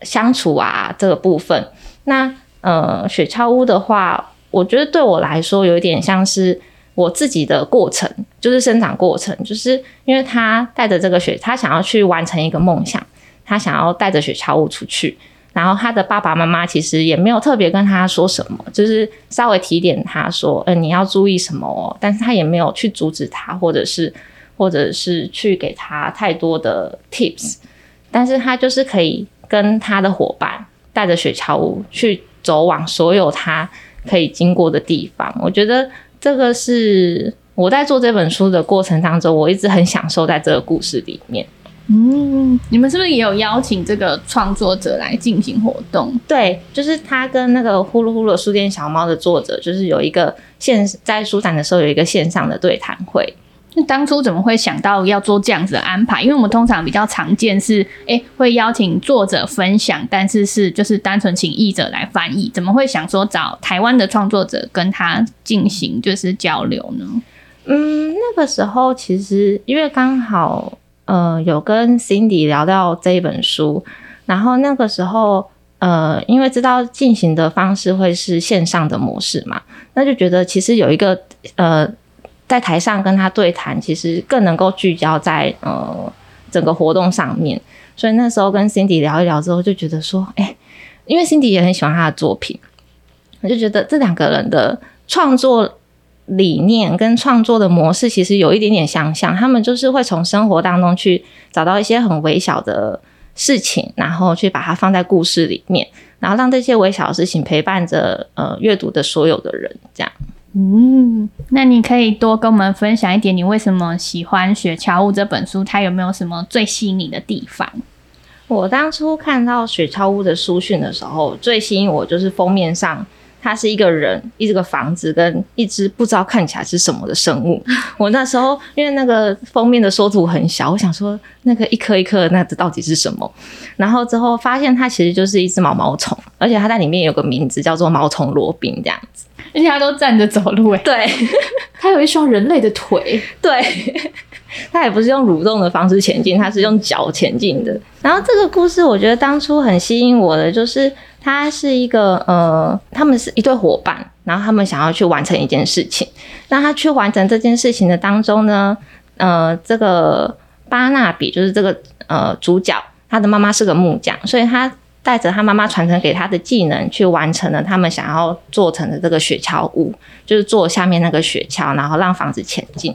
相處啊這個部分。那呃，雪橇屋的話，我覺得對我來說有一點像是我自己的過程，就是生長過程，就是因為他帶着這個雪，他想要去完成一個夢想，他想要帶着雪橇屋出去。然後他的爸爸媽媽，其實也沒有特別跟他說什麼，就是稍微提點他說，嗯、呃，你要注意什麼哦。但是他也沒有去阻止他，或者是，或者是去給他太多的 tips。但是他就是可以跟他的伙伴，帶着雪橇屋去走往所有他可以經過的地方。我覺得這個是我在做這本書的過程當中，我一直很享受在這個故事裡面。嗯，你們是不是也有邀請這個創作者來進行活動？對，就是他跟那個《呼嚕呼嚕的書店小貓》的作者，就是有一個線在書展的時候有一個線上的對談會。那當初怎麼會想到要做這樣子的安排？因為我們通常比較常見是，誒，會邀請作者分享，但是是就是單純請譯者來翻譯。怎麼會想說找台灣的創作者跟他進行就是交流呢？嗯，那個時候其實因為剛好。呃，有跟 Cindy 聊到這一本書，然後那個時候，呃，因為知道進行的方式會是線上的模式嘛，那就覺得其實有一個呃，在台上跟他對談，其實更能夠聚焦在呃整個活動上面，所以那時候跟 Cindy 聊一聊之後，就覺得說，欸，因為 Cindy 也很喜歡他的作品，我就覺得這兩個人的創作。理念跟創作的模式其實有一點點相像，他們就是會從生活當中去找到一些很微小的事情，然後去把它放在故事裡面，然後讓這些微小的事情陪伴着呃閱讀的所有的人。這樣，嗯，那你可以多跟我們分享一點，你為什麼喜歡《雪橇屋》這本書？它有沒有什麼最吸引你的地方？我當初看到《雪橇屋》的書訊的時候，最吸引我就是封面上。它是一個人，一個房子跟一隻不知道看起來是什麼的生物。我那時候因為那個封面的縮圖很小，我想說那個一顆一顆那這到底是什麼？然後之後發現它其實就是一隻毛毛蟲，而且它在裡面有個名字叫做毛蟲羅賓這樣子，而且它都站着走路哎、欸，對， 它有一雙人類的腿，對。他也不是用蠕動的方式前進，他是用腳前進的。然後這個故事我覺得當初很吸引我的，就是他是一個呃，他們是一對夥伴，然後他們想要去完成一件事情。那他去完成這件事情的當中呢，呃，這個巴納比就是這個呃主角，他的媽媽是個木匠，所以他帶着他媽媽傳承給他的技能去完成了他們想要做成的這個雪橇屋，就是做下面那個雪橇，然後讓房子前進。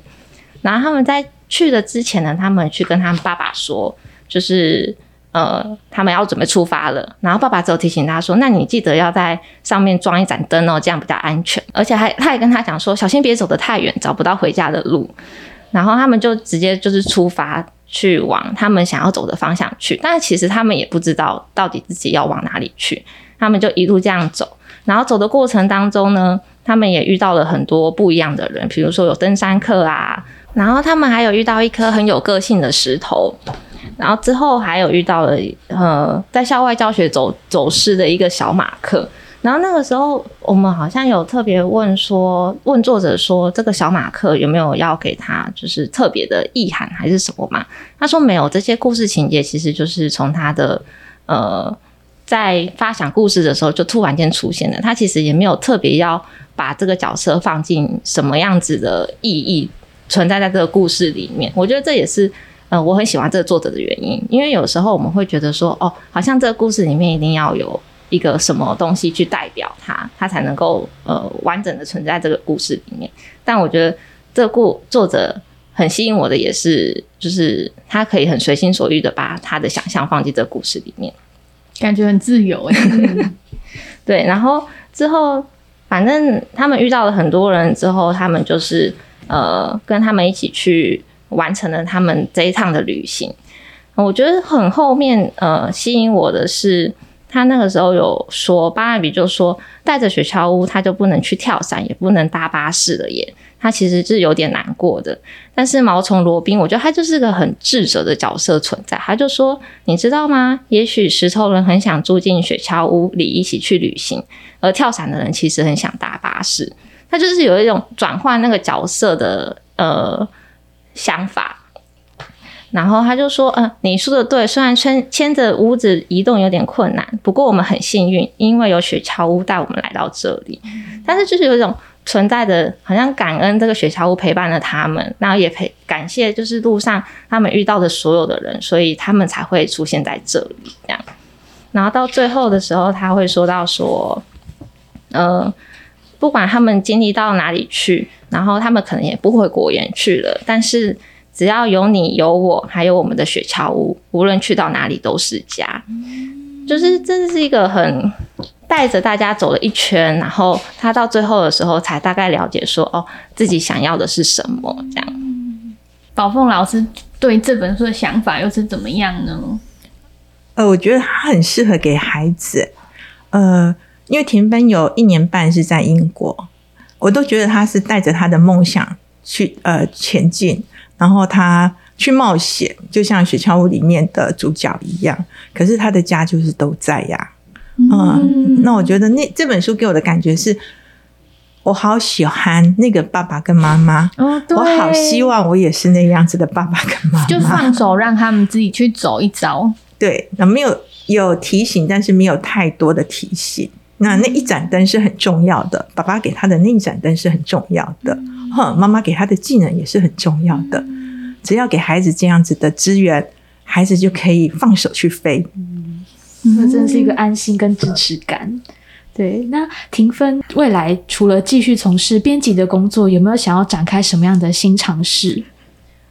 然後他們在去的之前呢，他們去跟他們爸爸說，就是呃，他們要準備出發了。然後爸爸只有提醒他說：“那你記得要在上面裝一盞燈哦，這樣比較安全。”而且還，他還跟他講說：“小心別走得太遠，找不到回家的路。”然後他們就直接就是出發去往他們想要走的方向去。但其實他們也不知道到底自己要往哪裡去，他們就一路這樣走。然後走的過程當中呢，他們也遇到了很多不一樣的人，比如說有登山客啊。然後他們還有遇到一顆很有個性的石頭，然後之後還有遇到了呃，在校外教學走走失的一個小馬克，然後那個時候我們好像有特別問說，問作者說，這個小馬克有沒有要給他就是特別的意涵還是什麼嘛？他說沒有，這些故事情節其實就是從他的呃，在發想故事的時候就突然間出現了，他其實也沒有特別要把這個角色放進什麼樣子的意義。存在在這個故事裡面，我覺得這也是，呃，我很喜歡這個作者的原因。因為有時候我們會覺得說，哦，好像這個故事裡面一定要有一個什麼東西去代表它，它才能夠呃完整的存在在這個故事裡面。但我覺得這個故作者很吸引我的，也是就是他可以很隨心所欲的把他的想象放進這個故事裡面，感覺很自由 對，然後之後反正他們遇到了很多人之後，他們就是。呃，跟他們一起去完成了他們這一趟的旅行，我覺得很後面呃吸引我的是，他那個時候有說巴艾比就說帶着雪橇屋他就不能去跳傘，也不能搭巴士了耶，他其實是有點難過的。但是毛蟲羅賓，我覺得他就是個很智者的角色存在，他就說你知道嗎？也許石頭人很想住進雪橇屋裡一起去旅行，而跳傘的人其實很想搭巴士。他就是有一種轉換那個角色的呃想法，然後他就說：“嗯、呃，你說的對，雖然牽牽着屋子移動有點困難，不過我們很幸運，因為有雪橇屋帶我們來到這裡。但是就是有一種存在的，好像感恩這個雪橇屋陪伴了他們，那也陪感謝就是路上他們遇到的所有的人，所以他們才會出現在這裡這樣。然後到最後的時候，他會說到說，嗯、呃。”不管他們經歷到哪裡去，然後他們可能也不回果園去了。但是只要有你、有我，還有我們的雪橇屋，無論去到哪裡都是家。就是真的是一個很帶着大家走了一圈，然後他到最後的時候才大概了解說哦，自己想要的是什麼。這樣，嗯，寶鳳老師對這本書的想法又是怎麼樣呢？呃，我覺得它很適合給孩子。呃。因為庭棻有一年半是在英國，我都覺得他是帶着他的夢想去呃前進，然後他去冒險，就像雪橇屋裡面的主角一樣。可是他的家就是都在呀、啊，嗯，嗯，那我覺得那這本書給我的感覺是，我好喜歡那個爸爸跟媽媽，哦、我好希望我也是那樣子的爸爸跟媽媽，就放手讓他們自己去走一走。對，那、嗯、沒有有提醒，但是沒有太多的提醒。那那一盞燈是很重要的，爸爸給他的那一盞燈是很重要的，哼、嗯，媽媽給他的技能也是很重要的。只要給孩子這樣子的資源，孩子就可以放手去飛。嗯，那真是一個安心跟支持感。嗯、對，對，那庭棻未來除了繼續從事編輯的工作，有沒有想要展開什麼樣的新嘗試？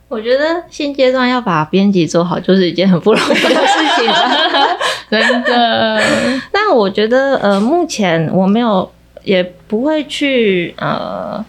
我覺得現階段要把編輯做好，就是一件很不容易的事情。 真的，但我覺得呃，目前我沒有也不會去呃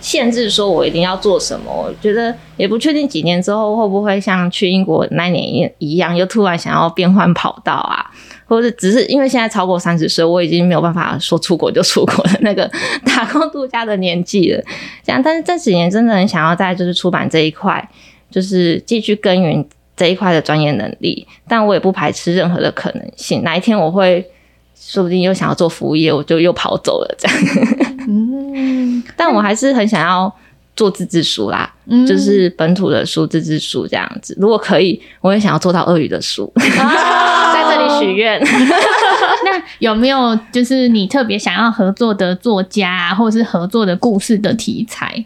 限制，說我一定要做什麼。我覺得也不確定幾年之後會不會像去英國那年一樣，又突然想要變換跑道啊，或者只是因為現在超過三十歲，我已經沒有辦法說出國就出國的那個打工度假的年紀了，這樣。但是這幾年真的很想要在就是出版這一塊，就是繼續耕耘。這一塊的專業能力，但我也不排斥任何的可能性。哪一天我會，說不定又想要做服務業，我就又跑走了這樣。嗯、 但我還是很想要做自製書啦，嗯、就是本土的書，自製書這樣子。如果可以，我也想要做到鱷魚的書，oh, 在這裡許願。 那有沒有就是你特別想要合作的作家啊，或者是合作的故事的題材？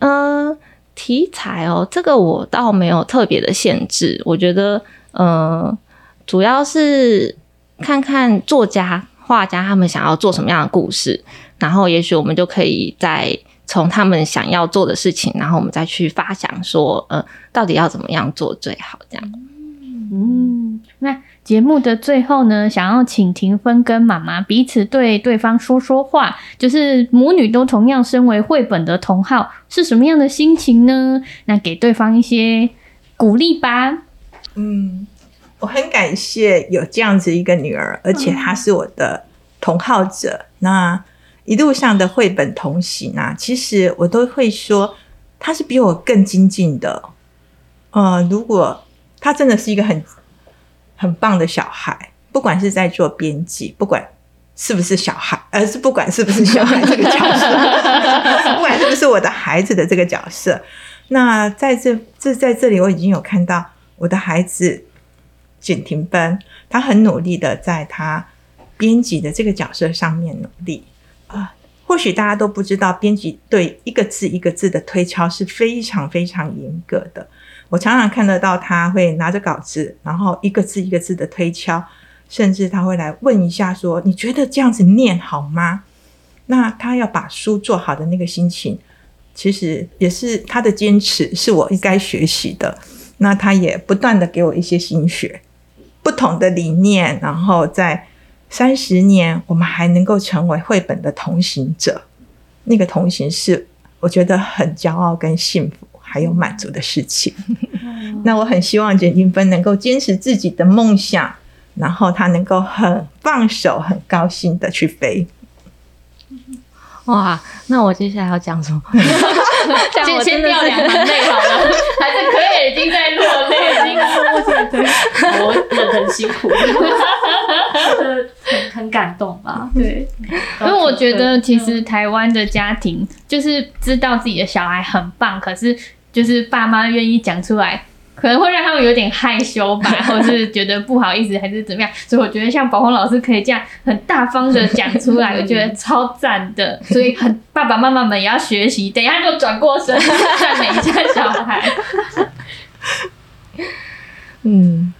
嗯。Uh, 題材哦，這個我倒沒有特別的限制。我覺得，嗯、呃，主要是看看作家、畫家他們想要做什麼樣的故事，然後也許我們就可以再從他們想要做的事情，然後我們再去發想說，呃，到底要怎麼樣做最好這樣。嗯，嗯，那。節目的最後呢，想要請庭棻跟媽媽彼此對對方說說話，就是母女都同樣身為繪本的同好，是什麼樣的心情呢？那給對方一些鼓勵吧。嗯，我很感謝有這樣子一個女兒，而且她是我的同好者。嗯、那一路上的繪本同行啊，其實我都會說她是比我更精進的。呃，如果她真的是一個很……很棒的小孩，不管是在做編輯，不管是不是小孩，而、呃、是不管是不是小孩這個角色， 不管是不是我的孩子的這個角色，那在這這在這裡，我已經有看到我的孩子簡庭棻，他很努力的在他編輯的這個角色上面努力啊、呃。或許大家都不知道，編輯對一個字一個字的推敲是非常非常嚴格的。我常常看得到他會拿着稿子，然後一個字一個字的推敲，甚至他會來問一下說：“你覺得這樣子念好嗎？”那他要把書做好的那個心情，其實也是他的堅持，是我應該學習的。那他也不斷的給我一些心血，不同的理念，然後在三十年，我們還能夠成為繪本的同行者，那個同行是我覺得很驕傲跟幸福。還有滿足的事情，哦、 那我很希望簡庭棻能夠堅持自己的夢想，然後她能夠很放手、很高興的去飛。哇！那我接下來要講什麼？先先掉兩眼淚好嗎？ 還是可以已經在落淚、啊，已經目我很辛苦， 很很感動啊。對，因為興我覺得其實台灣的家庭、嗯、就是知道自己的小孩很棒，可是。就是爸媽願意講出來，可能會讓他們有點害羞吧，或者是覺得不好意思，還是怎麼樣。 所以我覺得像寶紅老師可以這樣很大方的講出來， 我覺得超讚的。所以很爸爸媽媽們也要學習，等一下就轉過身讚美一下小孩。 嗯，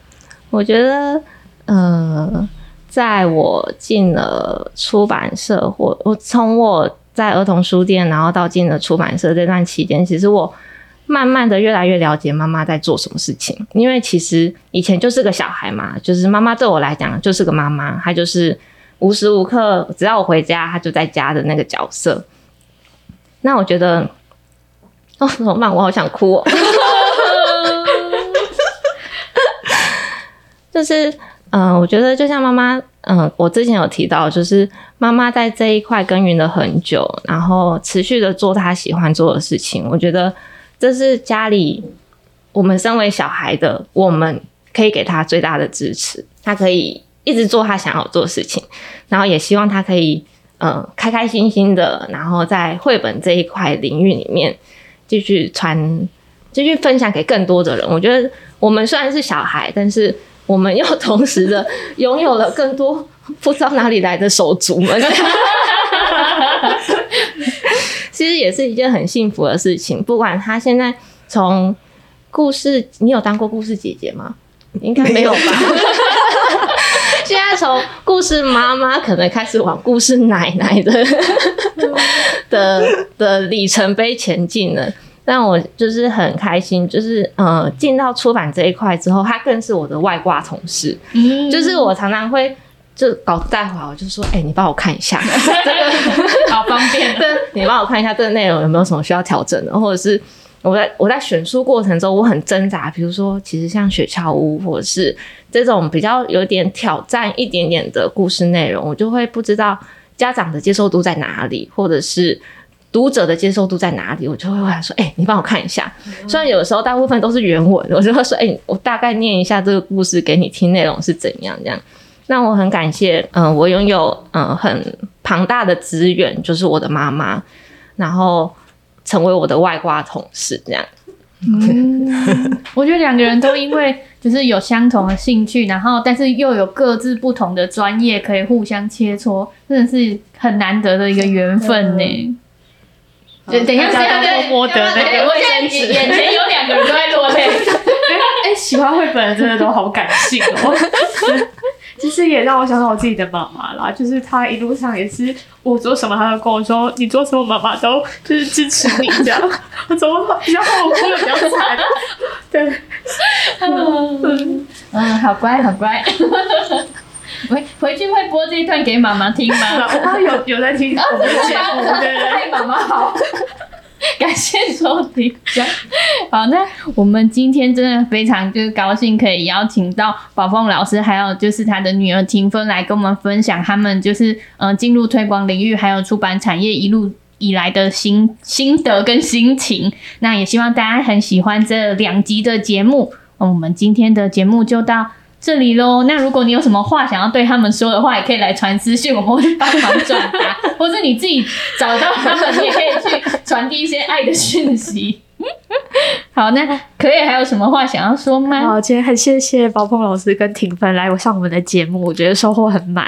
我覺得，呃，在我進了出版社，或我，我從我在兒童書店，然後到進了出版社這段期間，其實我。慢慢的，越來越了解媽媽在做什麼事情，因為其實以前就是個小孩嘛，就是媽媽對我來講就是個媽媽，她就是無時無刻只要我回家，她就在家的那個角色。那我覺得，哦，怎麼辦？我好想哭哦。 就是，嗯，我覺得就像媽媽，嗯，我之前有提到，就是媽媽在這一塊耕耘了很久，然後持續的做她喜歡做的事情，我覺得。這是家裡，我們身為小孩的，我們可以給他最大的支持，他可以一直做他想要做的事情，然後也希望他可以，嗯、呃，開開心心的，然後在繪本這一塊領域裡面繼續傳，繼續分享給更多的人。我覺得我們雖然是小孩，但是我們又同時的擁有了更多不知道哪裡來的手足們。 其實也是一件很幸福的事情，不管他現在從故事，你有當過故事姐姐嗎？應該沒有吧。有吧 現在從故事媽媽可能開始往故事奶奶的 的的里程碑前進了，但我就是很開心。就是嗯，進、呃、到出版這一塊之後，他更是我的外掛同事，嗯、就是我常常會。就搞大華，我就說，哎，你幫我看一下， 好方便。對，你幫我看一下這個內容有沒有什麼需要調整的，或者是我在我在選書過程中我很掙扎，比如說，其實像雪橇屋或者是這種比較有點挑戰一點點的故事內容，我就會不知道家長的接受度在哪裡，或者是讀者的接受度在哪裡，我就會問他說，哎，你幫我看一下。雖然有的時候大部分都是原文，我就會說，哎，我大概念一下這個故事給你聽，內容是怎樣這樣。那我很感謝，嗯、呃，我擁有嗯、呃、很龐大的資源，就是我的媽媽，然後成為我的外掛同事這樣。嗯，我覺得兩個人都因為就是有相同的興趣， 然後但是又有各自不同的專業可以互相切磋，真的是很難得的一個緣分呢。等一下，真的摸摸的在眼前有兩個人都在落淚、 欸。喜歡繪本真的都好感性哦、喔。 其實也讓我想到我自己的媽媽啦，就是她一路上也是我做什麼，她都跟我說，你做什麼，媽媽都就是支持你這樣。我 怎麼我我比較我哭的比較慘？ 對，嗯嗯，啊，好乖，好乖。回回去會播這一段給媽媽聽嗎？我啊，有有在聽，我們的節目，對對 對，媽媽好。 感謝收聽。好，那我們今天真的非常就是高興，可以邀請到寶鳳老師，還有就是他的女兒庭棻來跟我們分享他們就是嗯、呃、進入推廣領域還有出版產業一路以來的心心得跟心情。那也希望大家很喜歡這兩集的節目，我們今天的節目就到。這裡嘍。那如果你有什麼話想要對他們說的話，也可以來傳私訊，我們會幫忙轉達，或是你自己找到他們，也可以去傳遞一些愛的訊息。 好，那可以。還有什麼話想要說嗎？好，今天很謝謝包峰老師跟庭棻來我上我們的節目，我覺得收穫很滿。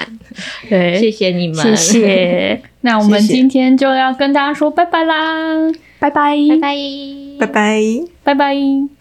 對，謝謝你們，謝謝。 那我們今天就要跟大家說拜拜啦，拜拜，拜拜，拜拜，拜拜。拜拜。